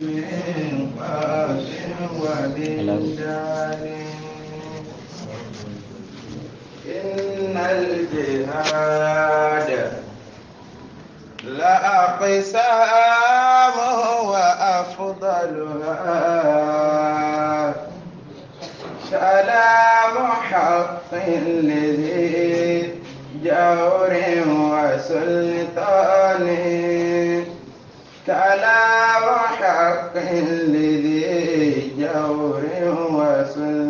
من قاس ومن دار إن الجهاد لأقسامه وأفضلها سلام حق لذي جور وسلطان كلام حق لذي جور وسلم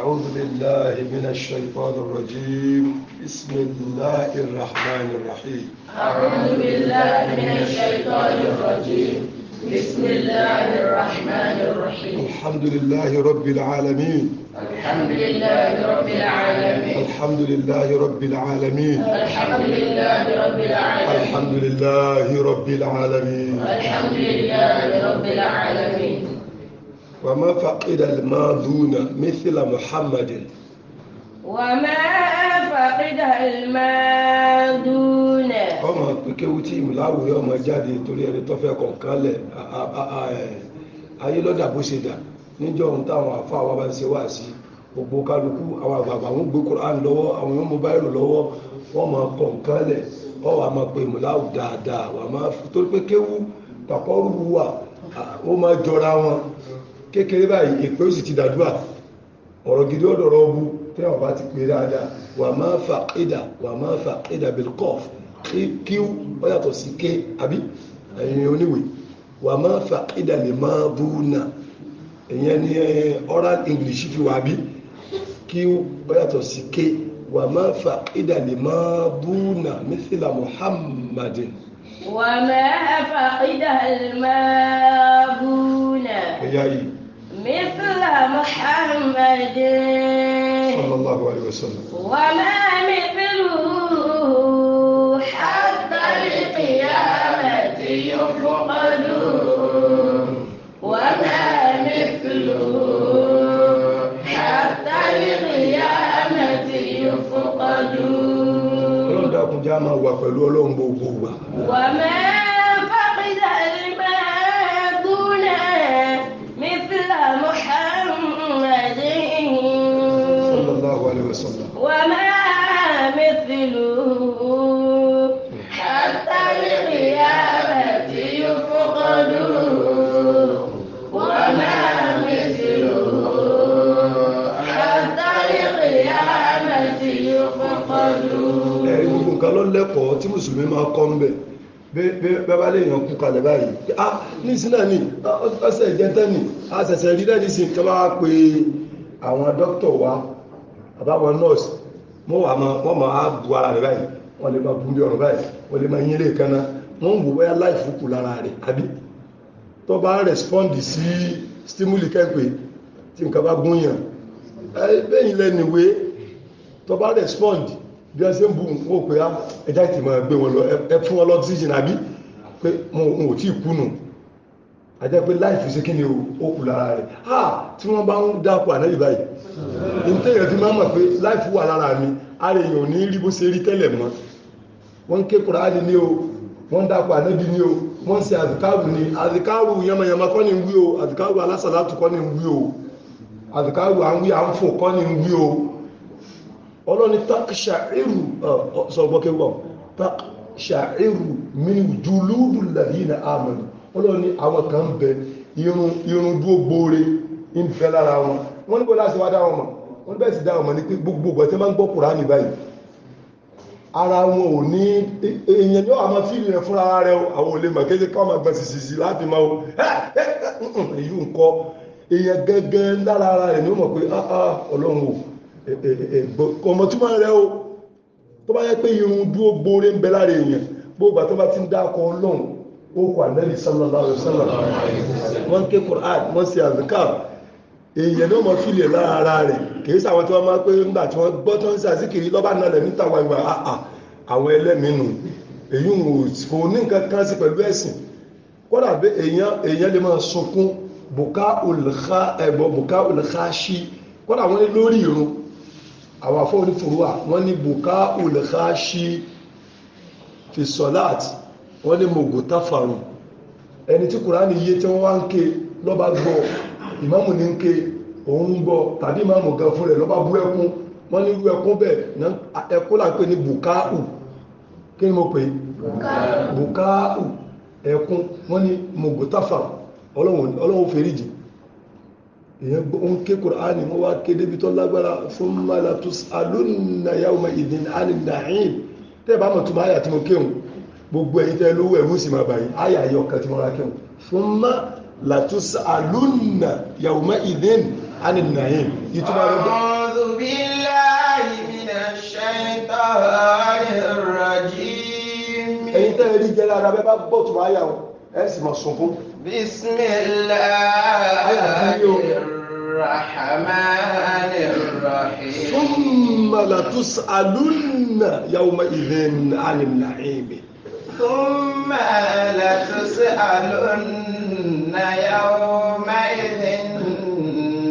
أعوذ بالله من الشيطان الرجيم بسم الله الرحمن الرحيم أعوذ بالله من الشيطان الرجيم بسم الله الرحمن الرحيم الحمد لله رب العالمين الحمد لله رب العالمين الحمد لله رب العالمين الحمد لله رب العالمين الحمد لله رب العالمين الحمد لله رب العالمين وما فقد الماذون مثل محمد وما فقد الماذون ọmọ pèkéwú tí ìmúláwùrẹ́ ọmọ jáde torí ẹni tó fẹ́ kọ̀ọ̀kan lẹ̀ ayé lọ́dà bó ṣe dà níjọ́ ohun táwọn àfa wa bá ń ṣe wá sí gbogbo kálukú àwọn àgbààgbà wọn gbé Kùránì lọ́wọ́ àwọn yóò mú báyìí lọ́wọ́ wọn máa kọ̀ọ̀kan lẹ̀ ọ wà máa pe ìmúláwù dáadáa wà máa torí pé kéwú pàpọ́rù wà ó máa jọra wọn kékeré báyìí èpè ó sì ti dàdúrà ọ̀rọ̀ gidi ọ̀dọ̀ ọ̀rọ̀ ọbu tí wọ́n bá ti pè dáadáa wà máa fa ẹ̀dà wà máa fa ẹ̀dà bilkọ́f kí ó yàtọ̀ sí ké àbí ẹ̀yin oníwèé wà máa fa ẹ̀dà lè máa bú nà ìyẹn ní oral english fi wà bí kí ó yàtọ̀ sí ké wà máa fa ẹ̀dà lè máa bú nà mísìlá muhammadin. wà máa fa ẹ̀dà lè máa bú nà. ẹ̀yà yìí. مثل محمد صلى الله عليه وسلم وما مثله حتى القيامة يفقد وما مثله حتى القيامة يفقد. وما dàkún já máa wà pẹ̀lú lẹ́kọ̀ọ́ tí mùsùlùmí máa kọ́ ń bẹ̀ bẹ́bá lè yàn kú kalẹ̀ báyìí a ah, ní sínà ní ọ̀sẹ̀ ìjẹta ní a ṣẹ̀ṣẹ̀ rí lẹ́ni sí kí wọ́n àwọn dókítọ̀ wa àbáwọn nọ́ọ̀sì mọ́ wà wọ́n máa bu ara rẹ̀ báyìí wọ́n lè máa bu bí ọ̀rọ̀ báyìí wọ́n lè máa yín lè kaná wọ́n ń wò wáyà láìfù kù lára rẹ̀ àbí tó bá rẹ̀spọ́ndì sí stimuli kẹ́pẹ́ tí nǹkan bá gún yàn bẹ́yìn lẹ́niwé tó bá rẹ̀spọ́ndì bí ẹ ṣe ń bu nǹkan òpè ah, máa gbé wọn lọ ẹ fún wọn lọ́tíjìn àbí pé mo ò tí ì kúnnù àjẹ́ pé ṣe kí ni ó kù lára ha ah, tí wọ́n bá ń dápò ànábì báyìí ìtẹ̀yẹ̀ tí máa mọ̀ pé wà lára mi ara èèyàn ní rí bó ṣe rí tẹ́lẹ̀ o wọ́n ń dápò o wọ́n ṣe àdìkáàrù ní àdìkáàrù yamayama kọ́ ni ń wí o àdìkáàrù alásàlátù kọ́ ni ń wí o àdìkáàrù à ni ọlọ́ni takṣàírù sọ̀gbọ́kẹwọ́ takṣàírù min juludul ladina amanu ọlọ́ni àwọn kan bẹ irun dúó gbóore ń bẹ lára wọn wọ́n ní kó láti wá dáwọn mọ̀ wọ́n bẹ́ẹ̀ sì dáwọn mọ̀ ní pé gbogbo ọ̀gbẹ́ tí wọ́n gbọ́ Kùránì báyìí ara wọn ò ní èèyàn yóò àmọ́ fíìlì rẹ̀ fúnra rẹ̀ àwọn olè mọ̀ kéde káwọn àgbà sì sì láti máa wo èyí ń kọ èèyàn gẹ́gẹ́ lára rẹ̀ ni ó mọ̀ pé ọlọ́run ò Eh, eh, eh, ọmọ tí wọ́n rẹ̀ o tó bá yẹ pé irun dúró gbóore ń bẹ lára èèyàn gbogbo àtọ́ bá ti ń dákọ ọlọ́run ó kọ ànábì sallallahu alaihi wasallam wọ́n ké Qur'an wọ́n ṣe àzíkà èèyàn náà mọ̀ fílẹ̀ lára rẹ̀ kì í sàwọn tí wọ́n máa pé ńgbà tí wọ́n gbọ́ tó ń ṣàzíkiri lọ́ba náà lẹ̀ níta wàìwà àà ah, ah, àwọn ẹlẹ́mìí nù èyí ò kò ní nǹkan kan sí pẹ̀lú ẹ̀sìn kódà bí èèyàn lè máa sunkún bùká olùkà ẹ̀bọ̀ bùká olùkà ṣí kódà wọ́n lórí ìrun àwọn afọ́nifòwà wọ́n ní bùká olùkà ṣí fi sọ́láàtì wọ́n ní mọ̀gòtà fàrùn ẹni tí kùránì yé tí wọ́n wá ń ké lọ́ba gbọ́ ìmáàmù ní ń ké òun ń gbọ́ tàbí ìmáàmù gan fún rẹ̀ lọ́ba bú ẹkún wọ́n ní irú ẹkún bẹ́ẹ̀ ẹkún là ń pè ní bùkáù kí ni mo pè bùkáù ẹkún wọ́n ní mọ̀gòtà fàrùn ọlọ́run fèrèjì èèyàn gbọ́ ń ké kùránì wọ́n wá ké débi tó lágbára fún malatus alónà yawma ìdìn alìdáhìn tẹ́ bá mọ̀ tó máa yà tí mo kéhùn gbogbo ẹ̀yin tẹ́ lówó ẹ̀rú sì máa báyìí ayà yọ ọ̀kan tí mo ra kéhùn fún malatus alónà yawma ìdìn alìdáhìn ìtumọ̀ rẹ̀ bọ́. ẹ̀yin tẹ́ rí jẹ́ lára bẹ́ẹ̀ bá gbọ́ tó máa yà ẹ̀ sì mọ̀ sunkún. Bismillah. الرحمن الرحيم ثم لتسألن يومئذ عن النعيم ثم لتسألن يومئذ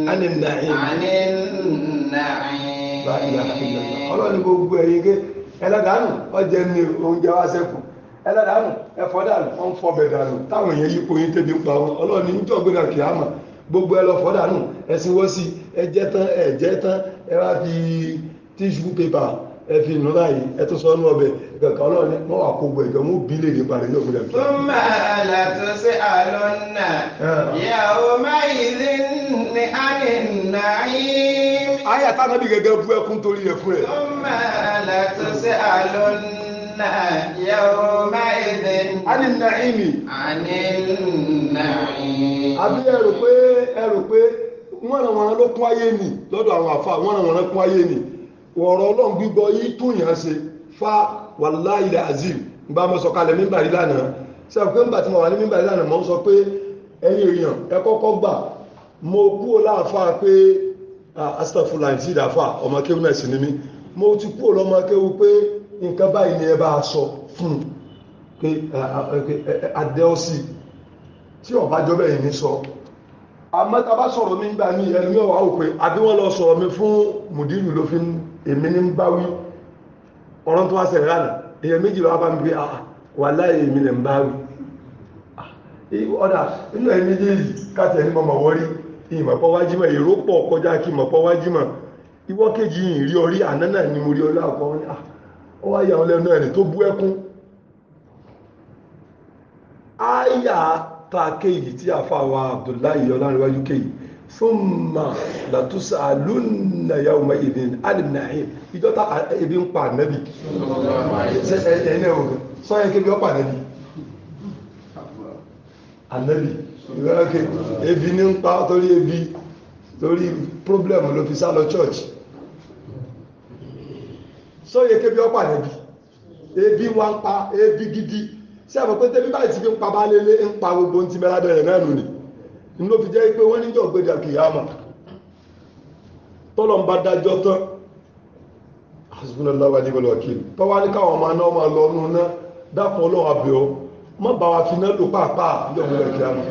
عن النعيم عن النعيم لا إله إلا الله ọlọ́run ní gbogbo ẹ̀yin ké ẹlẹ́dàánù ọjẹ́ ní oúnjẹ wá sẹ́kù ẹlẹ́dàánù ẹ̀fọ́ dànù wọ́n fọ́ bẹ̀ dànù táwọn èèyàn yípo yín tẹ́bi pa wọn ọlọ́run ní jọ́gbẹ́dà kìámà gbogbo ẹ lọ fọ́dà nù ẹ sinwó sí ẹ jẹ́ tán ẹ jẹ́ tán ẹ wá fi tissue paper ẹ fi nù báyìí ẹ tún sọ ọ́ nù ọbẹ̀ kankan ọlọ́ọ̀ni wọ́n wà kó mú bí lè rí parẹ́ yóò ó máa là tó ṣe àlọ́ náà yàwó máa ní àyè náà yìí. àyà táwọn bí gẹ́gẹ́ bú ẹkún torí ẹ fún ó máa là tó ṣe àlọ́ náà yàwó máa yìí ní. àní nàìmí. àní àbí ẹ rò pé ẹ rò pé wọ́n ràn wọ́n ló kún ayé nì lọ́dọ̀ àwọn àfa wọ́n ràn wọ́n kún ayé nì ọ̀rọ̀ ọlọ́run gbígbọ́ yìí tún yàn ṣe fa wàláhì azim bá mo sọ kalẹ̀ mímbà rí lánàá sọ pé nígbà tí mo wà ní mímbà rí lánàá mo sọ pé ẹ̀yin èèyàn ẹ kọ́kọ́ gbà mo kú ó láàfa pé astafula ti dàfa ọmọ kéwù náà sì ni mí mo ti kú ó lọ́mọ kéwù pé nǹkan báyìí ni ẹ bá sọ fún un pé adé tí ọba jọba yìí ní sọ àmọ́ sọrọ a gba mi gbà mí ẹni yóò wá àbí lọ sọ̀rọ̀ mi fún mùdírù ló fi èmi ní ń bá tó wá sẹ̀rẹ̀ méjì bá mi wà láyé ah, èmi lè ń bá wí ah, eh, ọ̀dà inú méjèèjì káàtẹ̀ ìmọ̀pọ̀ èrò pọ̀ kọjá kí mọ̀pọ̀ ìwọ́ kejì yìí rí ni mo rí ah, wá yà ọ́ lẹ́nu ẹ̀rìn tó bú ẹkún tá a ké yìí tí àfa wa abdullahi ọlọ́runwájú ké yìí summa latusa yawma idhin alim na'im ìjọ ta ebi ń pa ànábì ẹni ẹ̀wọ̀n sọ́yẹ kébi ọ̀pá ànábì ànábì ìrẹ́lẹ́kẹ́ ebi ní ń pa torí ebi torí problem ló fi sá lọ church sọ́yẹ kébi ọ̀pá ànábì ebi wá ń pa ebi gidi ṣé àbọ̀ pé tẹ́bí báyìí ti fi ń pa bá lélé ń pa gbogbo ti mẹ́ra bẹ̀rẹ̀ náà nù ni ní ló fi jẹ́ pé wọ́n níjọ́ gbéjà kìyàmà tọ́lọ̀ ń bá dájọ́ tán hasbunallahu wa ni'mal wakil káwọn ọmọ náà máa lọ nù ná ọlọ́run bá wa fi náà lò pàápàá níjọ́ gbéjà kìyàmà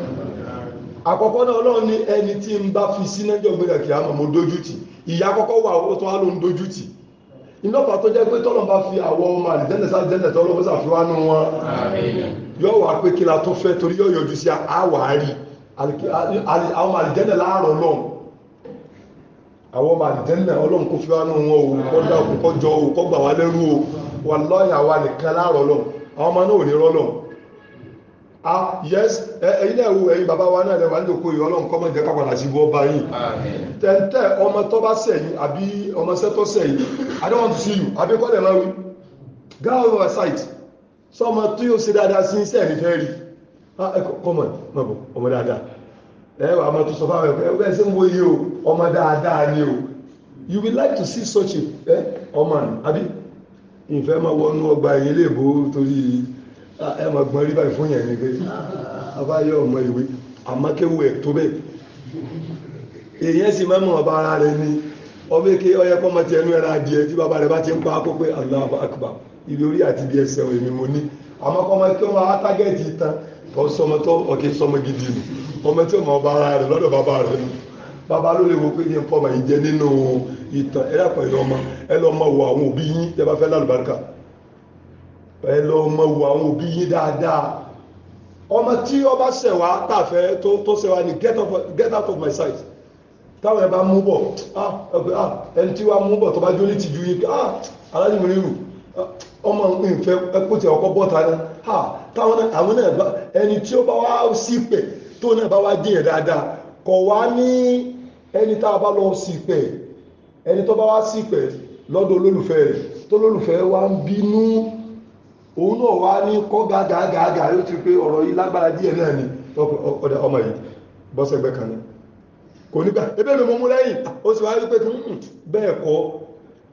àkọ́kọ́ náà ọlọ́run ẹni tí ń bá fi sí mo ìyá àkọ́kọ́ wà ó ìlọ́pàá tó jẹ́ pé tọ́lọ́ bá fi àwọ̀ ọmọ àdìjẹ́nẹ̀ sáàdìjẹ́nẹ̀ tọ́lọ́ bó ṣàfiwánú wọn yóò wá pé kí la tó fẹ́ torí yóò yọjú sí àwárí àwọn àdìjẹ́nẹ̀ láàrọ̀ náà àwọn ọmọ àdìjẹ́nẹ̀ ọlọ́run kó fi wánú wọn o kọ́ dá òkú kọ́ jọ o kọ́ gbà wá lẹ́rú o wà nìkan láàrọ̀ náà àwọn ọmọ náà ò ní rọ́ náà ah yes ẹyin náà ẹyin baba wa náà lẹ wà ní yìí ọlọ́run kọ́mọ̀ jẹ́ kápadà sí wọ́n bá yín tẹ̀ǹtẹ̀ ọmọ tó bá àbí ọmọ sẹ́tọ́ i don't want to see you àbí kọ́ lè wí yóò ṣe dáadáa sí ah, ọmọ dáadáa ẹ wà sọ fún àwọn ẹgbẹ́ o ọmọ dáadáa ni o you will like to see such a ọmọ àbí ẹ mọ̀ gbọ́n rí báyìí fún yẹn ni pé abáyọ ọmọ ìwé àmọ́kéwò ẹ̀ tó bẹ́ẹ̀ èyí sì máa mọ̀ ọba ara rẹ ni ọbẹ̀ kí ọyẹ kọ́ ọmọ ti ẹnu ẹran adìẹ tí bàbá rẹ bá ti ń pa kó pé Allahu Akbar ibi orí àti ibi ẹsẹ̀ èmi mo ní àmọ́ kọ́ ọmọ kí ọmọ atágẹ́ẹ̀tì tán kọ́ sọmọ tó ọ̀kẹ́ sọmọ gidi nù ọmọ tí ọmọ ọba ara rẹ lọ́dọ̀ bàbá rẹ nù bàbá ló lè wo pé yẹn kọ́ ọmọ ìjẹ nínú ìtàn ẹ̀rọ àpẹẹrẹ ọmọ ẹ lọ́ mọ wo ẹ lọ ọmọ wo àwọn òbí yín dáadáa ọmọ tí ọba ṣẹ̀wá tàfẹ́ tó ṣẹ̀wá ni get out of my sight táwọn ẹ bá mú bọ̀ ah, ah, ẹni tí wàá mú bọ̀ tó bá jó létí ju yín ah, aláàjì mi rírù ọmọ ìfẹ́ ẹkùtì ọkọ̀ bọ́ta náà táwọn àwọn náà bá ẹni tí ó bá wá sí pẹ̀ tó náà bá wá jẹ́ dáadáa kọ̀ wá ní ẹni tá a bá lọ sí pẹ̀ ẹni tó bá wá sí pẹ̀ lọ́dọ̀ olólùfẹ́ rẹ̀ tó lólùfẹ́ wa ń bínú òun náà wá ní kọ́ gàgàgàgà yóò ti pé ọ̀rọ̀ yìí lágbára díẹ̀ náà ni ọmọ yìí bọ́sẹ̀gbẹ́ kan ni kò nígbà ebe mi mo mú lẹ́yìn ó sì wá rí pé hmm, bẹ́ẹ̀ kọ́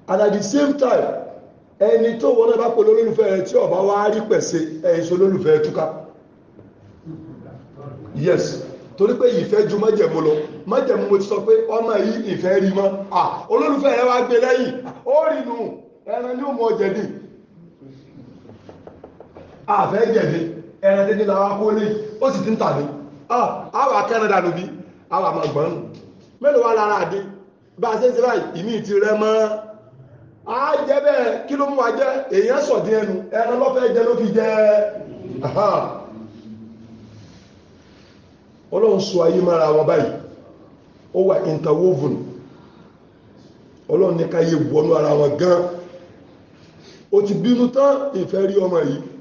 and at the same time ẹni tó wọ́n náà bá pọ̀ lólùfẹ́ rẹ̀ tí ọba wá rí pẹ̀sẹ̀ ẹ̀yìn so lólùfẹ́ túká yes torí pé ìfẹ́ ju májẹ̀mú lọ májẹ̀mú mo ti sọ pé ọmọ yìí ìfẹ́ rí mọ́ olólùfẹ́ rẹ̀ wá gbé lẹ́yìn ó rí nù ẹran ní òmò ọ̀jẹ̀dì a fe gbe eme elenilawa oriri o si din tano ah a wa kanada nubi a wa magbanu meluwa lara adi ba zai zai imi ti re ma a jebe kilomuwa je eyan so di enu ena lofe je lo fi je aha o lo n so aye mara awon bayi o wa entawovenu o lo nika ara awon gan o ti binu taa ife ri oma i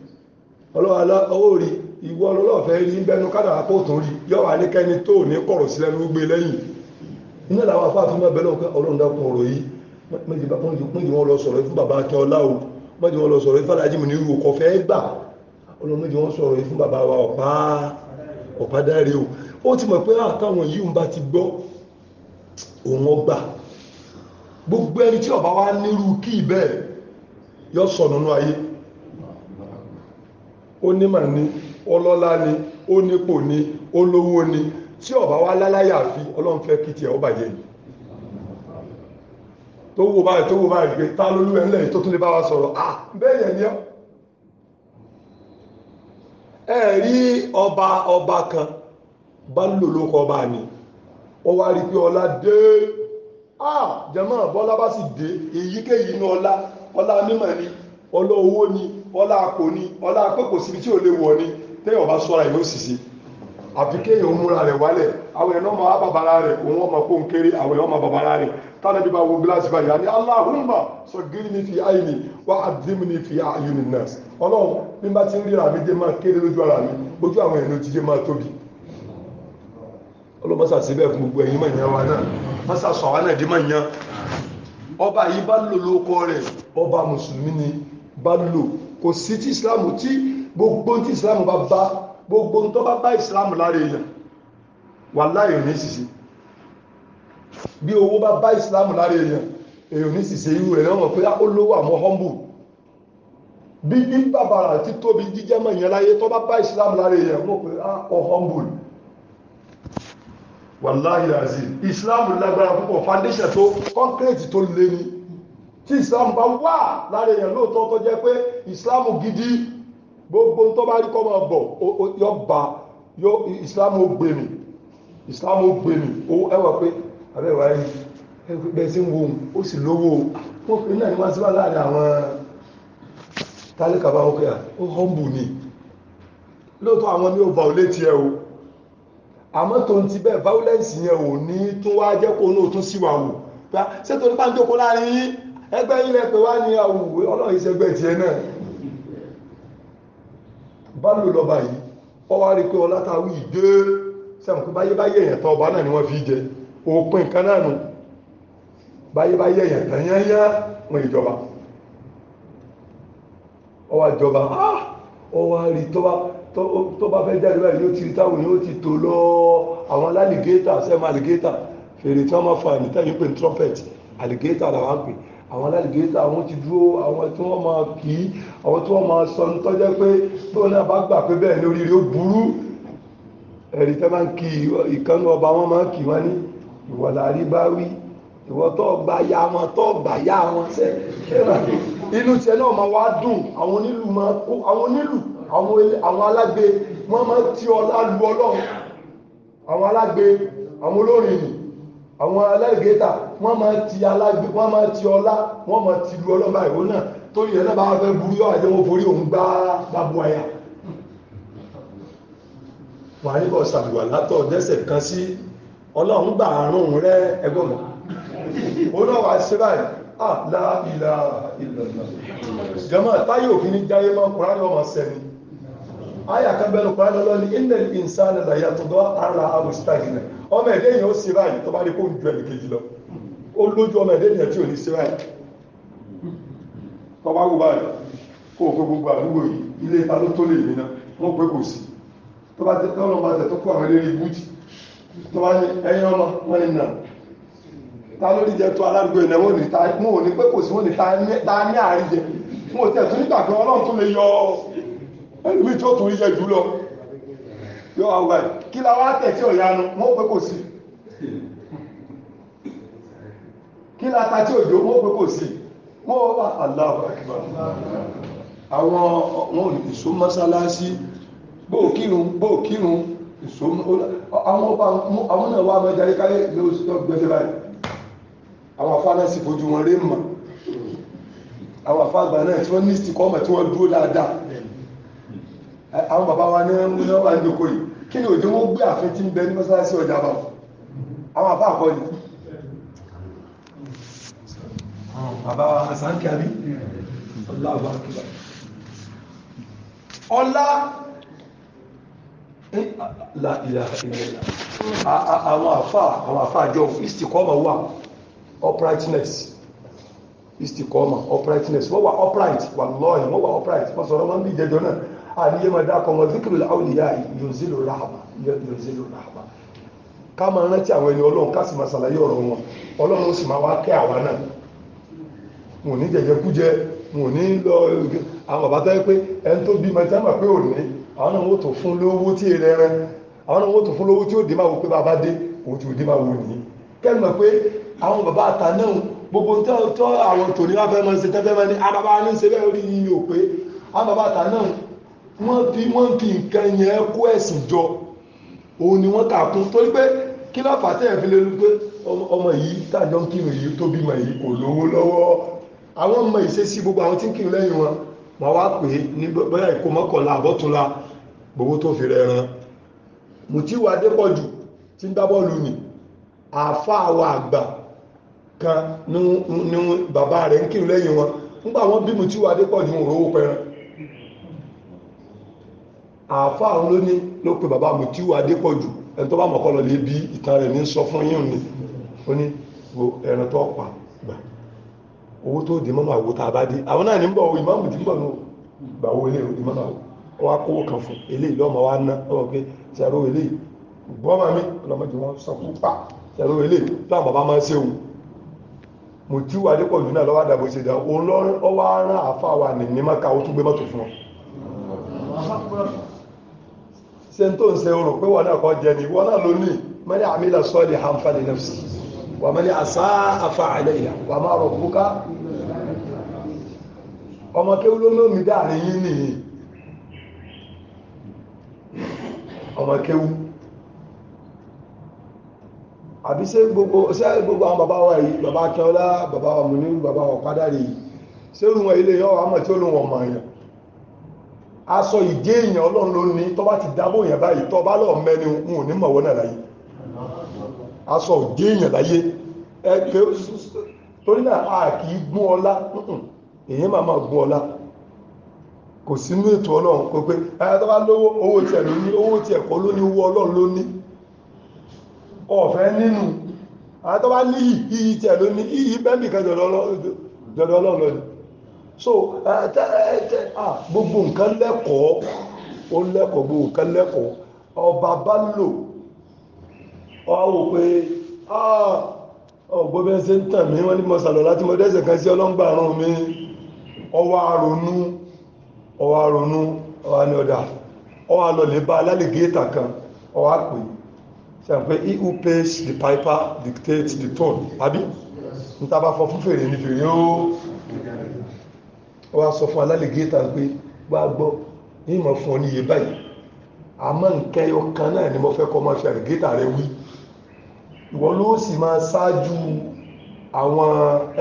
ọlọ́wọ́ owó rí ìwọ ọlọ́fẹ́ rí bẹnu kádàrà kó tún rí yọ́wà ní kẹ́ni tó ní kọ̀rọ̀ sílẹ̀ ló gbé lẹ́yìn iná làwọn afá tó mẹ́bẹ̀ẹ́ lọ́kọ́ ọlọ́run dákun ọ̀rọ̀ yìí méjì wọn lọ sọ̀rọ̀ fún bàbá akẹ́ ọlá o méjì wọn lọ sọ̀rọ̀ fún alájí mi ní irú ọkọ̀ fẹ́ gbà ọlọ́run méjì wọn sọ̀rọ̀ fún bàbá wa ọ̀pá ọ̀pá dáre o ó ti mọ̀ pé àtàwọn ah, yìí ń bá ti gbọ́ òun ọgbà gbogbo ẹni tí ọba wa nírú kí bẹ́ẹ̀ yọ sọ̀nù ayé onímọ̀ ni ọlọ́lá ni onípò ni olówó ni tí wa láláyà fi ọlọ́run fẹ́ kí tiẹ̀ ó bàjẹ́ ni tó wo báyìí tó wo báyìí pé ta lólu ẹ̀ tó tún lè bá wa sọ̀rọ̀ à bẹ́ẹ̀ ni ẹ rí ọba ọba kan bá lò ọba ni ó wá rí pé ọlá dé à jẹ̀mọ́ bọ́lá bá sì dé èyíkéyìí ní ọlá ọlá mímọ̀ ni ọlọ́ ni ọlá àpò ni ọlá àpò kò síbi tí ò lè bá sọ́ra yóò sì sí àfi kéèyàn múra rẹ̀ wálẹ̀ àwọn èèyàn ọmọ rẹ̀ òun ọmọ kó ń kéré àwọn èèyàn ọmọ rẹ̀ tánà bí bá wo gíláàsì báyìí àní aláhùnmá sọ gírí ní fi àyè ní fi àyè ní ọlọ́run bí bá ti ń ríra mi dé máa kéré lójú ara mi ojú àwọn ti wa náà mọ́sà sọ náà mọ̀nyán ọba yìí bá lò ọba mùsùlùmí kò sí tí islam tí gbogbo tí islam bá bá gbogbo tó bá bá islam lára èèyàn wàláhì ò ní ṣìṣe bí owó bá bá islam lára èèyàn èèyàn ní ṣìṣe irú rẹ̀ lọ́wọ́ pé ó lówó àwọn humble bí bí bàbàrà tí tóbi jíjẹ́ mọ̀ yẹn láyé tó bá bá islam lára èèyàn wọ́n pé ah, ó humble wàláhì àzì islam lágbára púpọ̀ foundation tó concrete tó lé ní tí islam bá wà lára èèyàn lóòótọ́ tó jẹ́ pé islam gidi gbogbo tó bá rí kọ́ máa bọ̀ yọ bá yọ islam ó gbé mi islam ó gbé mi ẹ wà pé abẹ́wà yìí bẹ́ẹ̀ sí ń wo ó sì lówó wọ́n pe náà ní wá síwá láàrin àwọn tálíkà bá wọ́n ó họ́mbù ni lóòótọ́ àwọn ní ó bá ò létí ẹ o àmọ́ tó ń ti bẹ́ẹ̀ violence yẹn ò ní tún wá jẹ́ kó náà tún síwà ṣé tó nípa ń jókòó láàrin yín ẹgbẹ́ yìí lẹ́pẹ̀ wá ní àwòwé ọlọ́run ìṣẹ́gbẹ́ tiẹ̀ náà bá lò lọ́ba yìí ọ wá rí pé ọlá ta wí sẹ́wọ̀n báyé báyé èèyàn tán ọba náà ni wọ́n fi jẹ òpin kan náà nù báyé báyé èèyàn tán yányá wọn ìjọba ọ wá jọba ah! ọ wá rí tọ́ba tó bá fẹ́ jáde báyìí yóò ti rí táwọn yóò ti tò lọ àwọn alálìgétà sẹ́mu alìgétà fèrè tí wọ́n máa fa ẹ̀mí tẹ́yìn pé trumpet alìgétà làwọn pè é àwọn alálìgéta àwọn ti dúró àwọn tí wọ́n máa kì í àwọn tí wọ́n máa sọ ní tọ́jẹ́ pé tó náà bá gbà pé bẹ́ẹ̀ ní oríire ó burú ẹ̀rí tẹ́ máa ń kí ìkànnì ọba wọn máa ń kì wọ́n ní ìwọ làárí bá wí ìwọ tó gba ya wọn tó gbà ya wọn sẹ́ inú tiẹ̀ náà máa wá dùn àwọn onílù máa kó àwọn onílù àwọn alágbe wọ́n máa ti ọlá lu ọlọ́run àwọn alágbe àwọn olórin yìí àwọn aláìgẹ́ta wọ́n máa ti alágbé wọ́n máa ti ọlá wọ́n máa ti lu ọlọ́ba ìwọ náà tó yẹ náà bá fẹ́ burú yọ àjẹ́ wọn forí òun gbá babu àyà wọn á níbọ̀ sàlùwà látọ̀ dẹ́sẹ̀ kan sí ọlọ́run gbà àrùn rẹ ẹgbọ́n mọ́ ó náà wá sí báyìí àlá ìlà ìlànà jẹ́mọ́ táyé òfin ní jáyé mọ́ kùránì ọmọ sẹ́ni àyà kan bẹ́ẹ̀ ní kùránì ọlọ́ni ilẹ̀ ìnsánilà yàtọ̀ dọ́ ọmọ ẹ̀dẹ́ yẹn ó ṣe báyìí tó bá rí kó ń ju ẹnìkejì lọ ó lójú ọmọ ẹ̀dẹ́ yẹn tí ò ní ṣe báyìí tó bá wù báyìí kó o pé gbogbo àdúgbò yìí ilé ta ló tó lè mí náà wọ́n pé kò sí tó bá tẹ tọ́lọ́ bá tẹ tó kó àwọn eléré bújì tó bá ní ẹyin ọmọ wọn ni nà ta ló díjẹ tó aládùúgbò yẹn wọ́n ní ta mú òní pé kò sí wọ́n ní ta ní àríjẹ mú òtẹ̀ tó nígbà pé jẹ jù lọ yóò wá wá kí la wá tẹ̀ tí ò yanu wọ́n pé kò sí kí la ta tí ò jó wọ́n pé kò sí wọ́n wá Allahu Akbar àwọn wọn ìṣó mọ́sálásí bóòkírun bóòkírun ìṣó àwọn ọba àwọn náà wà mọ́jà yí káyé ní oṣù tó gbẹ́sẹ̀ báyìí àwọn afáàlásì fojú wọn rí mọ́ àwọn afáàgbà náà tí wọ́n ní ìsìnkọ́ ọmọ tí wọ́n dúró dáadáa àwọn bàbá wa ní wọ́n wà ní okòyì kí ni òjò wọn gbé àfin tí ń bẹ ní mọ́sálásí ọjà bá àwọn àbá àkọ́ ni àbá àsánkì àbí ọlá àbá àkíbà ọlá la ilaha illallah àwọn àfà àwọn àfà àjọ istikọ́mà wà uprightness istikọ́mà uprightness wọ́n wà upright wà lọ́ọ̀yìn wọ́n wà upright wọ́n sọ̀rọ̀ wọ́n bí ìjẹjọ náà àníyé máa dákọ̀ wọn zikiru awliya yunzilu rahma yunzilu rahma ká máa rántí àwọn ẹni ọlọ́run ká sì máa ṣàlàyé ọ̀rọ̀ wọn ọlọ́run ó sì máa wá kẹ́ àwa náà wọn ò bata yi bi ma a máa pé fun lowo náà wọ́n tó fún lówó tí èrè rẹ àwọn náà wọ́n tó fún lówó tí ó dé máa wò pé bàbá dé òun tí wọ́n fi wọ́n fi nǹkan yẹn kó ẹ̀sìn jọ òun ni wọ́n kà kún torí pé kí ló fà tẹ̀ fi lé lu pé ọmọ yìí tàjọ ń kírun yìí tó bímọ yìí kò lówó lọ́wọ́ àwọn ọmọ ìṣesí gbogbo àwọn tí ń kírun lẹ́yìn wọn wọ́n wá pè é ní bóyá ìkó mọ́kànlá àbọ̀túnla gbowó tó fi rẹ̀ ran mùtíwà adépọ̀jù tí ń gbá bọ́ọ̀lù nì àáfàá wa àgbà kan ní bàbá rẹ̀ ń kírun lẹ́yìn wọn nígbà wọn bí mùtíwà adépọ̀jù ń rówó pẹran àfa àwọn ló ní ló pe bàbá Mùtíù Adépọ̀jù ẹni tó bá mọ̀kọ́ lọ lè bí ìtàn rẹ̀ ní sọ fún yín ni ó ní ẹran tó pa gbà owó tó dì mọ́nà àwòtá àbádé àwọn náà ní ń bọ̀ ìmáàmù tí ń bọ̀ nù gbà owó ilé àwò wọn kan fún eléyìí lọ́mọ wa ná ọmọ pé mi wọn sọ fún pa bàbá máa ṣe òun náà lọ́wọ́ wa ṣe tó ń ṣe orò pé wọ́n náà kọ́ jẹ ní wọ́n náà man amila salihan fali nafsi wa man asaa fa alayha wa ma rabbuka ọmọ kéwú ló lómi dáàrin yín nìyí ọmọ kéwú àbí ṣé gbogbo ṣé gbogbo àwọn bàbá wa yìí bàbá akẹ́ọ́lá bàbá wa Mùníru bàbá wa Kádàrí yìí ṣé òun wọ̀nyí lè yọ àwọn àmọ̀ tí ó lóun ọmọ asọ ìdí èèyàn ọlọ́run ló ní tó bá ti dábò èèyàn báyìí tó bá lọ mẹ́ni n ò ní mọ̀wọ́ náà láyé ìdí èèyàn láyé torí náà a kì í gún ọlá èèyàn máa máa gún ọlá kò sínú ètò ọlọ́run kò pé ẹ̀yà tó bá lówó owó tiẹ̀ ló ní owó tiẹ̀ kọ́ ló ní owó ọlọ́run ló ní ọ̀fẹ́ nínú bá ní iyì tiẹ̀ ló ní iyì so gbogbo nǹkan lẹ́kọ̀ọ́ ó lẹ́kọ̀ọ́ gbogbo nǹkan lẹ́kọ̀ọ́ ọba bá lò ọ wò pé ọgbọ́n bẹ́ẹ̀ ṣe ń tàn mí wọ́n ní mo sàlọ̀ láti mo dẹ́sẹ̀ kan sí ọlọ́ngbà àrùn mi ọwọ́ àrònú ọwọ́ àrònú ọwọ́ ni ọ̀dà ọwọ́ àlọ́lẹ̀ bá alálẹ̀gẹ́ta kan ọwọ́ àpè sàn pé he who pays the piper dictates the tone àbí n ta bá fọ fún fèrè ní fèrè yóò wa á sọ fún alálègéta pé wá gbọ́ ní ìmọ̀ fún ọ ní iye báyìí àmọ́ nǹkan ẹyọ kan náà ni mo fẹ́ kọ́ máa fi alálègéta rẹ wí ìwọ ló sì máa ṣáájú àwọn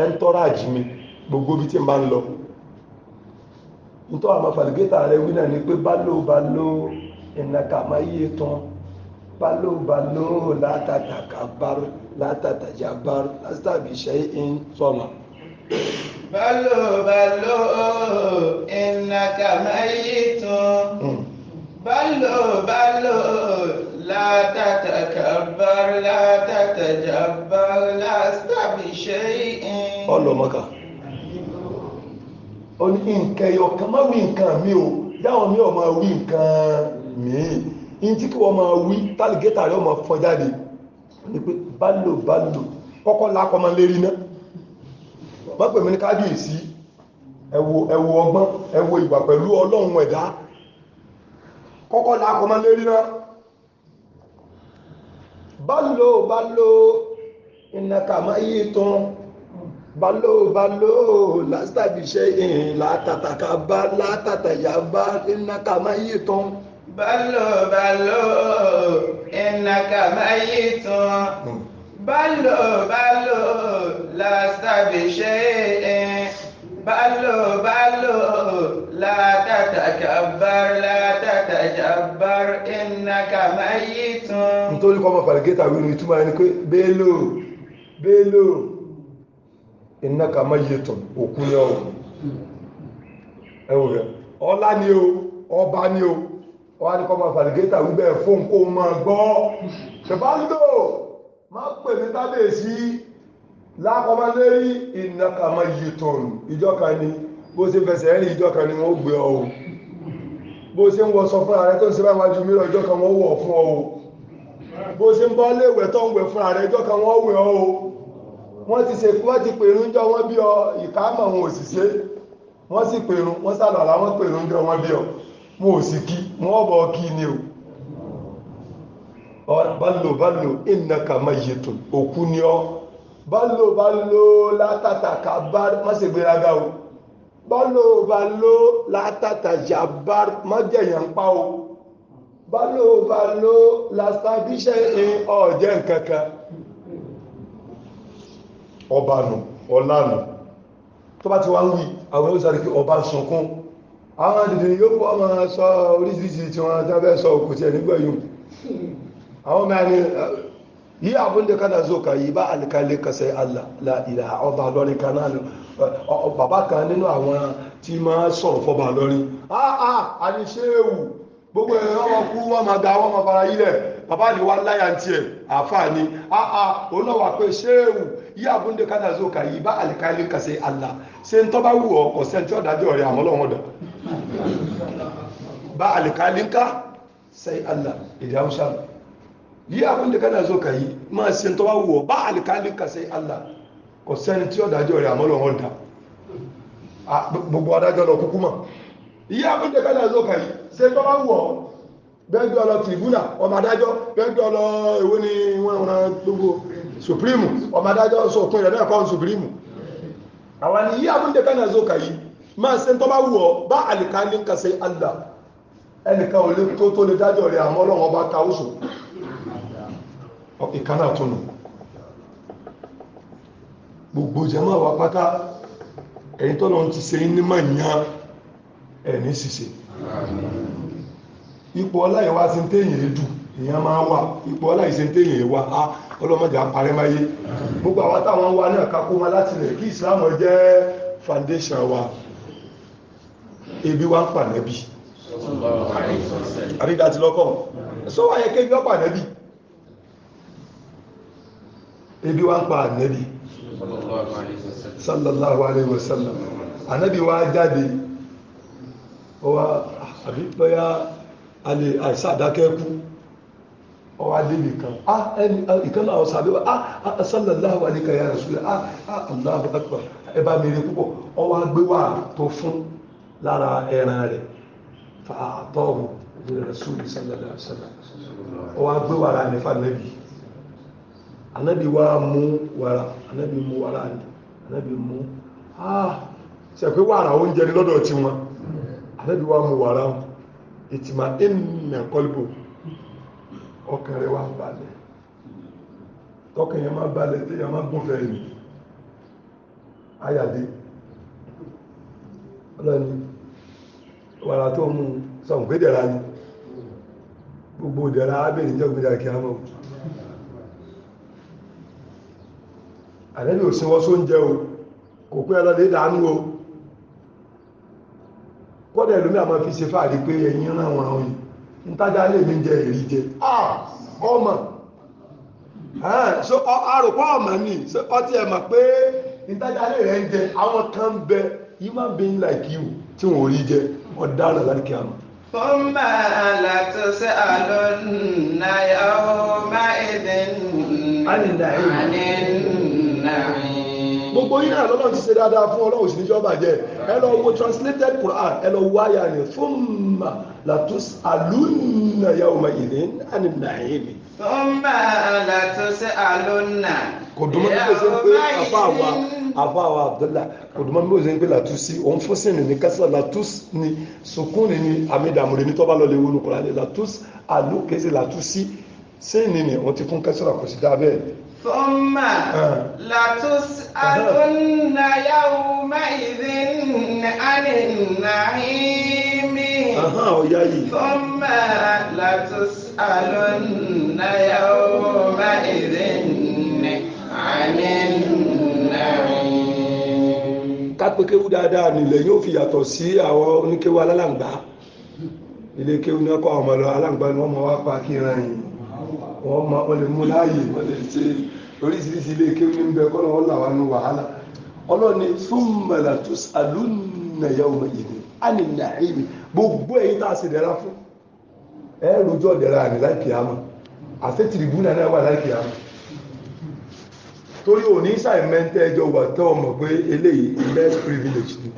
ẹntọ́ráàjì mi gbogbo bí tí n bá ń lọ nítorí àwọn alálègéta rẹ wí náà ni pé bálò bálò ìnàkà tán bálò bálò látàtàkà bárò látàtàjà bárò látàbí ṣe é ń sọ̀nà balo balo ìnàkà mayitun hmm. balo balo la látàtàjàbàr látàbí ṣe é. ọlọmọkà ó ní nǹkan ẹyọ kan má wí nǹkan mi o dáwọn mi ò máa wí nǹkan mi ní tí kí wọ́n máa wí tálígẹ́tà rẹ̀ ó máa fọ́n jáde ní pé balo ma kọ́kọ́ làkọ́ máa wọ́n pè mí ní kábíyèsí ẹ̀wò ẹ̀wò ọgbọ́n ẹ̀wò ìwà pẹ̀lú ọlọ́run ẹ̀dá kọ́kọ́ lákọ máa lérí náà bálò bálò ìnàkà máa yí tán bálò bálò látàbíṣẹ́ ìhìn látàtàkà bá látàtàyà bá ìnàkà máa yí tán bálò bálò ìnàkà máa yí tán. Hmm bálò bálò làtàbí ṣe é bálò bálò látàtàkà bár látàtàkà bár ẹnìkà máa yí tán. nítorí kọ́ ọmọ pàlìkẹ́tà wí ni ìtumọ̀ ẹni pé bélò bélò ẹnìkà máa yí tán òkú ni ọ̀hún ẹ̀wọ̀n rẹ̀ ọlá ni o ọba ni o wọ́n á ní kọ́ ọmọ pàlìkẹ́tà wí bẹ́ẹ̀ fún kó máa gbọ́ ṣèbálò má pè mí kábíyèsí lákọ́mọlérí ìnàkàmọ yìí tọ̀nù ìjọ kan ni bó ṣe fẹsẹ̀ rìn ìjọ kan ni wọ́n gbé ọ o bó ṣe ń wọ sọ fún ààrẹ tó ń ṣe bá wájú mi lọ ìjọ kan wọ́n wọ̀ fún ọ o bó ṣe ń bọ́ léwẹ̀ tó ń wẹ̀ fún ààrẹ ìjọ kan wọ́n wẹ̀ ọ wọ́n ti ṣe wọ́n ti pèrún jọ wọ́n bí ọ ìkámọ̀ wọn ò sì ṣe wọ́n sì pèrún wọ́n sàlọ̀ làwọn pèrún jọ wọ́n bí ọ wọn ò sì kí wọ́n bọ̀ kí ni o balo balo innaka mayyitun òkú ni ọ́ balo balo látàtàkà bá má ṣe gbéraga o balo balo látàtàjà bá má jẹ̀yàn pa o balo balo làtàbíṣẹ́ ẹ̀ ọ̀jẹ̀ kankan ọba nù ọlá nù tó bá ti wá ń wí àwọn yóò sáré kí ọba sunkún àwọn dìdì yóò pọ̀ ọmọ sọ oríṣiríṣi tí wọ́n jábẹ́ sọ òkú tí ẹ̀ awa mani eh, yi abin da kana so ka yi ba alikali ka sai Allah la ilaha ọba eh, lọrin kan náà bàbá kan nínú àwọn tí ma sọ̀rọ̀ fọba lọrin áá àníṣéwù gbogbo ẹ̀rọ e, ọmọ kú wọn máa ga wọn máa fara yílẹ̀ baba ni wa láyà ń tiẹ̀ a áá òun náà wà pé ṣéwù yí abin da kana so ka yi ba alikali ka sai Allah ṣe ń tọ́ba wù ọ kọ̀ sẹ́ńtì ọ̀dájọ́ rẹ̀ àwọn ọlọ́wọ́n dà ba alikali ka sai Allah ìdáhùn sáà yi abin da kana zo ka yi ma ṣe tó bá wù ọ́ bá àlìkálì kà Allah kò sẹ́ni tí ọ̀dájọ́ rẹ̀ àmọ́ lọ́wọ́ gbogbo adájọ́ lọ ma yi abin da kana ka yi ṣe tó bá wù ọ́ bẹ́ẹ̀ ọ ma tìrìbùnà ọmọ ni supreme sọ òpin rẹ̀ náà ni yi abin da kana ka yi ma Allah ẹnìkan ò lè tó tó lè àmọ́ ta ìkánà túnù gbogbo jẹmọ́ wà pátá ẹ̀yìn tọ́lọ ti ṣe ní mọ̀nyán ẹ̀ní ṣiṣẹ́ ipò ọláyẹ̀wá sí ń téèyàn èdù èèyàn máa wà ipò ọláyẹ̀ sí ń téèyàn wà á ọlọ́mọdé àparẹ́ gbogbo àwọn táwọn wà náà kakó wọn láti rẹ̀ kí jẹ́ wa ebi wa ń lọ́kọ̀ ebi wá ń pa ànábì sallallahu alayhi wa sallam ànábì wá jáde ó wá àbí bóyá alẹ́ àìsàn àdákẹ́kù ọwọ́ adébì kan ah ẹni ah, ìkan náà ọ̀sán àbẹ́wà ah, ah sallallahu alayhi wa rasulullah ah ah allahu akbar ẹ bá mi rí púpọ̀ ọwọ́ agbéwà tó fún lára ẹran rẹ̀ fàtọ́hù rasulullah sallallahu alayhi wa sallam ọwọ́ agbéwà rẹ̀ nífà nẹ́bì anabi wa mú anabi anabi ah ṣe pé wàrà oúnjẹ ní lọ́dọ̀ wọn anabi wa mú wàrà ìtìmá ẹnìyàn kọlbù ọkàn rẹ wà balẹ̀ tọkàn yẹn máa balẹ̀ tí yẹn máa gúnfẹ̀ yìí ayàdé ọlọ́ni wàrà tó sọ̀nkú ni gbogbo abẹ́rẹ́ ìjọba ànẹ́bí ò sí wọ́n o kò pé ọlọ́dẹ dànù o kọ́dẹ̀ ìlú àmọ́ fi ṣe fáàrí pé ẹ̀yìn lè mí jẹ èrí jẹ ọmọ so arùpọ̀ ọmọ mi ọtí pé ntájá lè rẹ̀ ń jẹ àwọn kan bẹ human being like you tí wọ́n rí jẹ ọ̀daràn láti kí a mọ̀. gbogbo yín náà lọ́lọ́run ti ṣe dáadáa fún ọlọ́run sì ní jọba jẹ ẹ lọ wo translated Quran ẹ lọ wo àyà ni fúnma latus alunna yawma idin ani nàìjíríì. fúnma latus alunna. kò dùnmọ́ bí o ṣe ń pè àfa àwa àfa àwa Abdullah kò dùnmọ́ bí ṣe ń pè latusi òun fún sínú ní kásá latus ni sukun ni amídàmúre ní tọ́ba lọ́ọ́ lè wọnú Quran latus alu kèsì latusi sínú ni wọ́n ti fún kásá kò sí ثم لتسألن يومئذ عن النعيم ثم لتسألن يومئذ عن النعيم kápẹ́kéwú dáadáa nílẹ̀ yóò fi yàtọ̀ sí àwọn oníkéwú alálàǹgbá ilé kéwú ní ọkọ̀ ọmọ lọ alálàǹgbá ni wọ́n mọ̀ wá pa kí n ràn yín wọ́n lè mú láàyè wọ́n lè ṣe é. oríṣiríṣi ilé ní bẹ kọ́ lọ́wọ́ làwọn nu wàhálà ọlọ́ni thumma latus'alunna yawma idhin ani na'imi gbogbo èyí tá a sì dẹ́ra fún ẹ lójú ọ̀dẹ̀ra àní láìpẹ́ àmọ́ àti tìrìbùnà náà wà láìpẹ́ àmọ́ torí òní ẹjọ́ wà tẹ́ ọmọ pé eléyìí privilege ni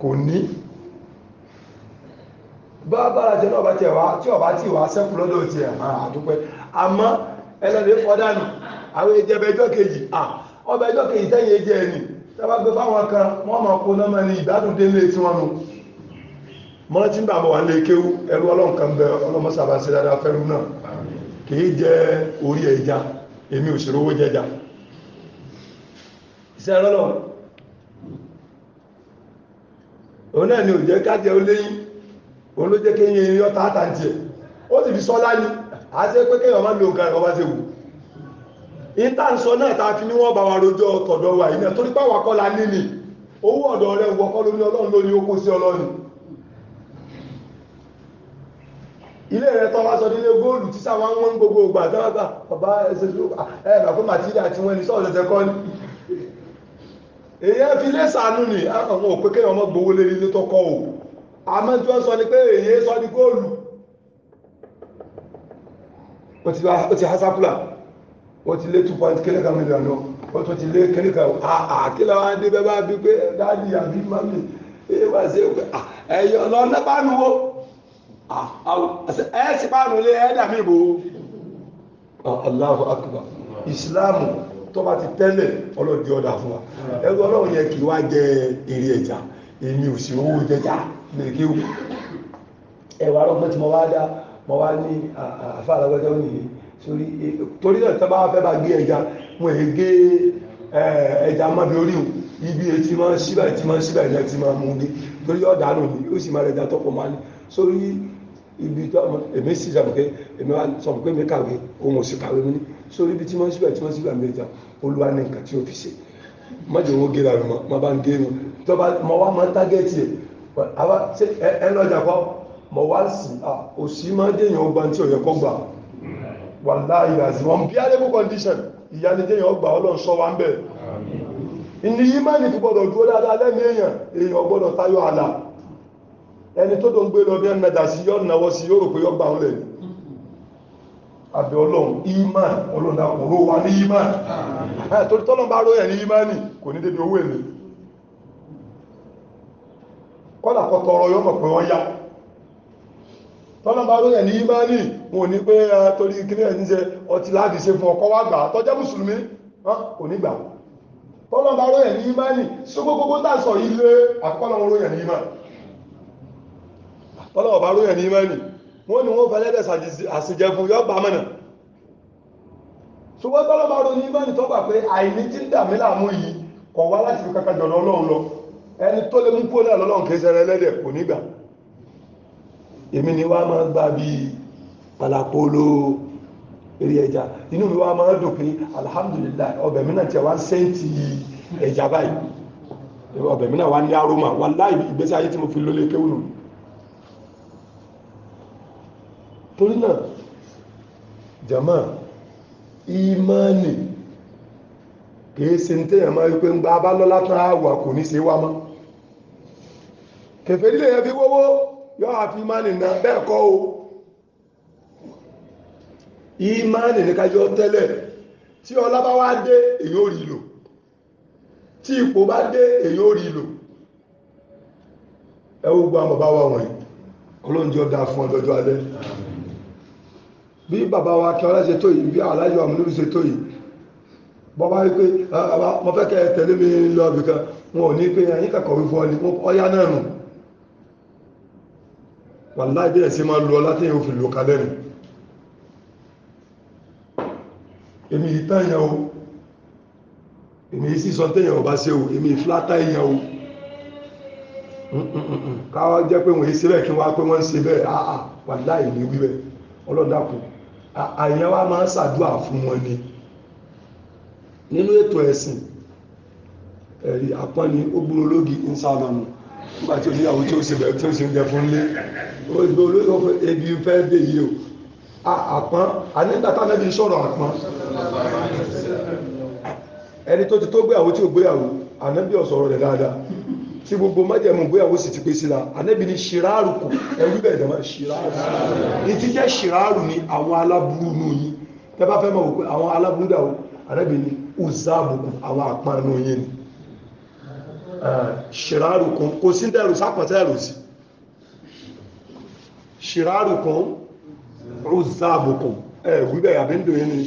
kò ní bá bára jẹ́ náà bá tí ọba tí sẹ́kù lọ́dọ̀ àmọ́ àwọn èdè ẹbẹ ẹjọ́ kejì ọbẹ̀ ẹjọ́ kejì tẹ́yìn ẹjẹ́ ẹni tẹ́wàá gbé fáwọn kan wọ́n máa kó náà ní ìgbádùn délé tí wọ́n nu mọ́n tí ń bà mọ́ wà lé kéwú ẹrú ọlọ́nkan bẹ ọlọ́mọ́sàbà sí dáadáa fẹ́rú náà kìí jẹ orí ẹja èmi òṣèré owó jẹja iṣẹ́ rọ́lọ́ òun náà ni ò jẹ́ kájẹ ó òun ló jẹ́ kéyìn ó sì fi sọ́lá ìtànsọ náà ta fi ní wọn bá wa rojọ́ tọ̀dọ̀ wa iná torí pàwà kọ́ la níní owó ọ̀dọ̀ rẹ̀ wọ́kọ́ lórí ọlọ́run lórí ó kó sí ọlọ́run ilé sọ nílé góòlù tí sáwọn wọ́n gbogbo ògbà dáadáa bàbá ẹsẹ̀ tó ẹ̀bà pé màtíríà tí wọ́n ní sọ́ọ̀dẹ̀ tẹ́ kọ́ èyí fi lé sànú ni àwọn kéèyàn ọmọ gbowó lé nílé tó kọ́ wọ́n ti lé two point kílẹ̀ kan mílíọ̀n lọ wọ́n tún ti lé kílẹ̀ kan àkílẹ̀ wọn adé bẹ́ẹ̀ bá bí pé dáàdi àbí mami ẹ wá sí ah, ẹyọ lọ́nà pàánù wo ah, ah, ẹ sì pàánù lé ẹ dàbí ìbò Allahu akbar ìsìláàmù tọ́ba ti tẹ́lẹ̀ ọlọ́dí ọ̀dà fún wa ẹgbẹ́ ọlọ́run yẹn kì í wá jẹ èrè ẹ̀jà èmi ò sí owó jẹjà lèké wù ẹwà ọlọ́gbọ́n tí mo wá dá mo wá ní àfáà lọ́gbọ́dọ́ nìyí torí torí náà tó bá fẹ́ bá gé ẹja wọn è gé ẹja mọ́bi orí o ibi etí máa ń síbà etí máa ń síbà ẹja ti máa mú un dé torí ọ̀dà nù ní ó sì máa rẹja tọkọ máa ní sórí ibi tó ọmọ èmi sì sàmùkẹ́ èmi wá sàmùkẹ́ mi kàwé òun ò sì kàwé mi ní sórí ibi tí máa ń síbà etí máa ń síbà mẹ́ta olúwa ní nǹkan tí ó fi ṣe mọ́jọ owó gé ra rẹ̀ mọ́ má bá ń gé wọn tọ́ba mọ wá máa ń tágẹ́tì ẹ̀ ẹ lọ́jà kọ́ mọ̀ wá sí òsì máa ń dèèyàn ọgbà tí ò yẹ kọ́ gbà wàláhì àzìm unbearable condition ìyá ni téèyàn ọgbà ọlọ́run sọ wá ń bẹ̀ ìní ìmánì fi gbọdọ̀ dúró dáadáa lẹ́nu èèyàn èèyàn gbọdọ̀ tayọ àlà ẹni tó tó ń gbé lọ bí ẹnàdà sí yọ nàwọ sí yóò rò pé ọgbà ń lẹ̀ àbẹ̀ ọlọ́run ìmánì ọlọ́run dàpọ̀ ló wà ní ìmánì torí tọ́lọ́n bá róyẹ̀ ní ìmánì kò ní débi owó èlé kọ́lá kọ́ tọrọ yọmọ̀ pé wọ́n yá tọ́lọ́ bá lóyè ní ìmánì wọn ò ní pé torí kíní ẹ̀ ọtí láti ṣe fún ọkọ gbà á tọ́jẹ́ mùsùlùmí kò ní gbà a sọ yìí lé àkọ́lọ́ wọn lóyè ní ìmánì tọ́lọ́ bá lóyè ní ìmánì wọn ni wọn fẹlẹ́ dẹ̀sà àṣejẹ fún yọ bá mọ̀nà ṣùgbọ́n tọ́lọ́ bá lóyè ní ìmánì n'i èmi ni wá máa ń gbà bí palapolo eré ẹja inú mi wá máa ń dùn pé alhamdulillah ọbẹ̀ mi náà tiẹ̀ wá ń sẹ́ǹtì ẹja báyìí ọbẹ̀ mi náà wá ní aroma wallahi ìgbésí ayé tí mo fi lólé kéwù nù torí náà jama ìmánì kìí ṣe ní tẹ́yàn máa wípé ń gba abálọ́lá tán àwà kò ní ṣe wá mọ́ kẹfẹ́ nílé yẹn wọ́wọ́ yọ àfi ìmánì náà bẹ́ẹ̀ kọ́ o ìmánì ní yọ tẹ́lẹ̀ tí ọlá bá wá dé èyí ò lò tí ipò bá dé èyí ò lò ẹ gbogbo àwọn bàbá wọ̀nyí ọlọ́njọ́ ọ̀dà fún ọdọọjọ́ alẹ́ bí bàbá wa kí tó yìí bí ṣe tó yìí bọ́bá pé ah, mo fẹ́ kẹ́ wàláì bí ẹ̀sìn máa lọ láti yóò fi lò kalẹ̀ rẹ̀ èmi ìtàyàn o èmi sísọ tẹ́yàn ọba ṣe o èmi ìflátà èyàn o káwọ́ jẹ́ pé wọ́n ṣe bẹ́ẹ̀ kí wọ́n á pé wọ́n ṣe bẹ́ẹ̀ àà wàláì ní wíwẹ̀ ọlọ́dàkùn àyàn wa máa ń fún wọn ni nínú ètò ẹ̀sìn ẹ̀rí àpọ́ni ó gbúrò ń nígbà tí oníyàwó tí ó ṣe bẹ̀rẹ̀ tí ó ṣe ń jẹ fún òyìnbó olóyìnbó ebi fẹ́ dé yìí o àpọ́n ànígbàtà lẹ́bi sọ̀rọ̀ àpọ́n ẹni tó ti tó gbéyàwó tí ò gbéyàwó ànábì ọ̀sọ̀rọ̀ rẹ̀ dáadáa tí gbogbo májẹ̀mú gbéyàwó sì ti pé sí la ànábì ni ṣìráàrù kù ẹ̀rú bẹ̀rẹ̀ dẹ̀mọ́ ṣìráàrù ní ti jẹ́ ṣìráàrù ni àwọn aláburú nù yín tẹ́ bá fẹ́ mọ̀ wípé àwọn aláburú dà wọ́n ànábì ni uzaabuku àwọn àpanu yín ni ṣìráàrù kù kò sí dẹ̀rù ṣìrárùkún rúzàbùkún ẹ̀ wíbẹ̀ àbí ń dò yín ni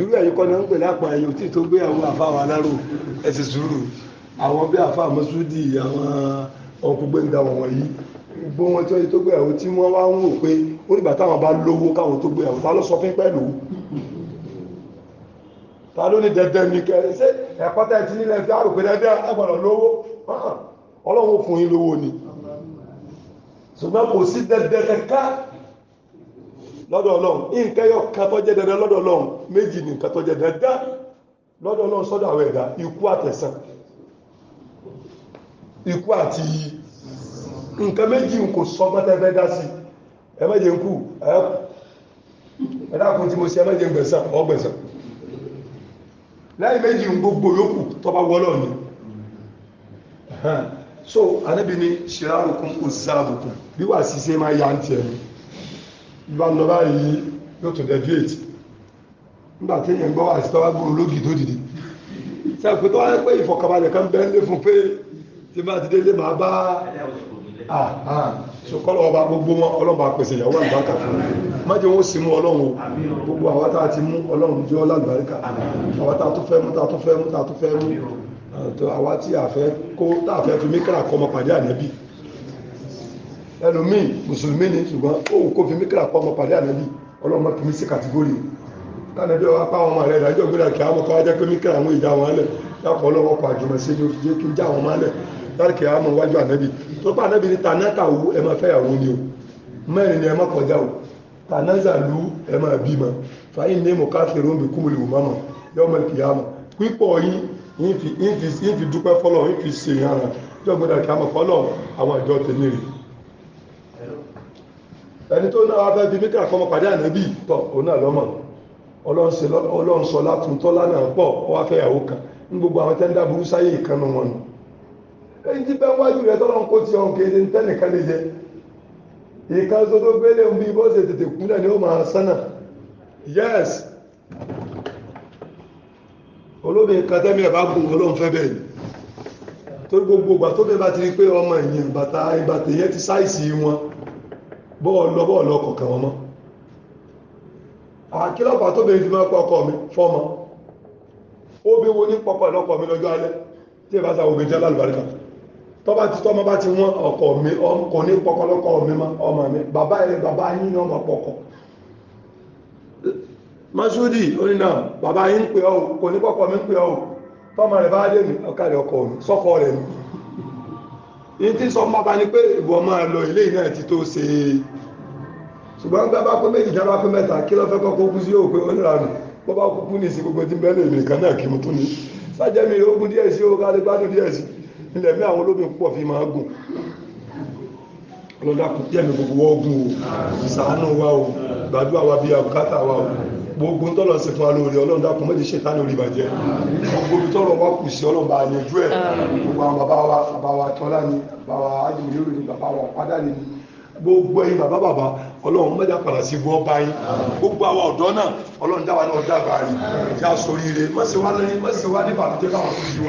irú ẹ̀yìn kọ́ ni wọ́n ń pè lápá ẹ̀yìn òtí tó gbé àwọn àfáwà aláró ẹ̀sìn sùúrù àwọn bí àfáà mọ́súdì àwọn ọkùn gbẹ̀ngà wọ̀nyí gbogbo wọn tí wọ́n tó gbé àwọn tí wọ́n wá ń wò pé ó nígbà táwọn bá lówó káwọn tó gbé àwọn ta ló sọ fún pẹ̀lú ta ló ní dẹ́dẹ́ ní kẹrin ṣé ẹ̀kọ́tà ẹ̀ ti nílẹ̀ fi àròpé dẹ́dẹ́ agbọ̀nà lówó ọlọ́run fún yín lówó ni. ṣùgbọ́n kò sí dandan kankan lọ́dọ̀ ọlọ́run nǹkan yọ tó jẹ́ lọ́dọ̀ ọlọ́run méjì ní nǹkan tó jẹ́ dandan lọ́dọ̀ ọlọ́run sọ́dọ̀ àwọn ẹ̀dá ikú àtẹ̀sán ikú àti nǹkan méjì kò sọ mọ́tẹ́fẹ́ dá sí ẹ ń kú ẹ kú tí mo ṣe ẹ méjì so anabi ni ṣirarukun ozabukun bí wàá sì ṣe máa ya ń tiẹ̀ ni ìbá ń lọ báyìí yóò tún dẹjú ètì dị tí èèyàn gbọ́ àti tọ́wá gbòòrò lógì tó dìde ṣe àpò tó wáyé pé ìfọ̀kànbalẹ̀ kan bẹ́ẹ̀ lé fún gbogbo wọn ọlọ́ba pèsè ìyàwó àgbàkà fún mi má jẹ́ wọ́n gbogbo àwọn a ti mu ọlọ́run jẹ́ la àwọn tá a tó fẹ́ a tó tó àwa tí a fẹ́ kó tá a fẹ́ fi míkírà kọ́ ọmọ pàdé ànábì ẹlòmíì mùsùlùmí ni ṣùgbọ́n òun kò fi míkírà kọ́ ọmọ pàdé ànábì ọlọ́mọ kì í sí kàtígórì kánàbí ọwọ́ apá àwọn ọmọ rẹ̀ ìdájọ́ gbéra kí àwọn ọkọ̀ ajẹ́ pé míkírà àwọn ìjà wọn lẹ̀ dápọ̀ ọlọ́wọ́ pa àjùmọ̀ sí ní òfìjẹ́ tó já wọn mọ́lẹ̀ láti kí àwọn wájú ànábì tó bá ànábì ní tanáta wo ẹ máa fẹ́yàwó ni o mẹ́rin ni ẹ má kọjá o tanáza lu ẹ máa bímọ fàyín ní mo káfíńrì ó ń bẹ kúmùlù mọ́mọ́ yọmọ kìyàmọ́ pípọ̀ yín ìfi dúpẹ́ fọ́lọ́run ìfi ṣe ìyára jọ́gbọ́dá kí a mọ̀ fọlọ àwọn ìjọ tèmi rè ẹni tó náà fẹ́ fi míkà kọ́mọ pàdé ànábì tọ̀ òun náà lọ́mọ ọlọ́run sọ látún tọ́lá náà pọ̀ ọ wá fẹ́ ìyàwó kan ní gbogbo àwọn tẹ́ńdà burú sáyé ìkànnù wọn nù èyí ti bẹ́ wájú tọ́lọ́run kó ti ọ̀hún kéde tẹ́nìkan lè jẹ ìkan tó tó gbélé ń bí bó ṣe tètè kú náà ni yes olóbìnrin kan tẹ́mi ẹ̀ bá gùn ọlọ́run fẹ́ bẹ́ẹ̀ ni torí gbogbo ìgbà tó bẹ́ẹ̀ bá ti rí pé ọmọ èèyàn bàtà ìbàtà yẹn ti sáìsì wọn bọ́ọ̀lọ bọ́ọ̀lọ kọ̀ọ̀kan wọn mọ́ àkílọ́pàá tó bẹ́ẹ̀ fi máa pọ̀ ọkọ mi fọ́mọ ó bí wo ní pọ̀pọ̀ ìlọ́pọ̀ mi lọ́jọ́ alẹ́ tí ìbá sa obìnrin jẹ́ lálùbáríkà tọ́ba ti tọ́mọ bá ti wọ́n ọkọ mi ọkọ ní pọ̀pọ̀ lọ́kọ mi ọmọ mi bàbá rẹ̀ bàbá yín ni ọmọ pọ̀kọ̀ masudi oní náà bàbá yín ń pè ọ́ kò ní pọ́pọ́ mi ń pè ọ tọ́mọ rẹ̀ bá dé mi ọ̀kadì ọkọ̀ mi mi yìí sọ bàbá ni pé ìwọ máa lọ ilé náà ti tó ṣe ṣùgbọ́n gbá bá pé méjì já pé mẹ́ta kí ló fẹ́ kọ́kọ́ kú sí yóò pé oníranù bọ́ bá kúkú ní ìsìn gbogbo tí bẹ́ẹ̀ lè nìkan náà kí mo tún ní fi máa gùn díẹ̀ mi gbogbo tọ́lọ̀ sí fún alóore ọlọ́run dákun mẹ́jì ṣe tánà orí ìbàjẹ́ gbogbo tọ́lọ̀ wá kù sí ọlọ́run bá yanjú ẹ̀ gbogbo àwọn bàbá wa bàbá wa tọ́lá ni bàbá wa ajùmọ̀ yóò ní bàbá wa padà ní gbogbo ẹ̀yin bàbá bàbá ọlọ́run mẹ́jà padà sí gbọ́ báyìí gbogbo àwọn ọ̀dọ́ náà ọlọ́run dáwà náà dàgbà rí já sóríire mọ́síwá ní bàbá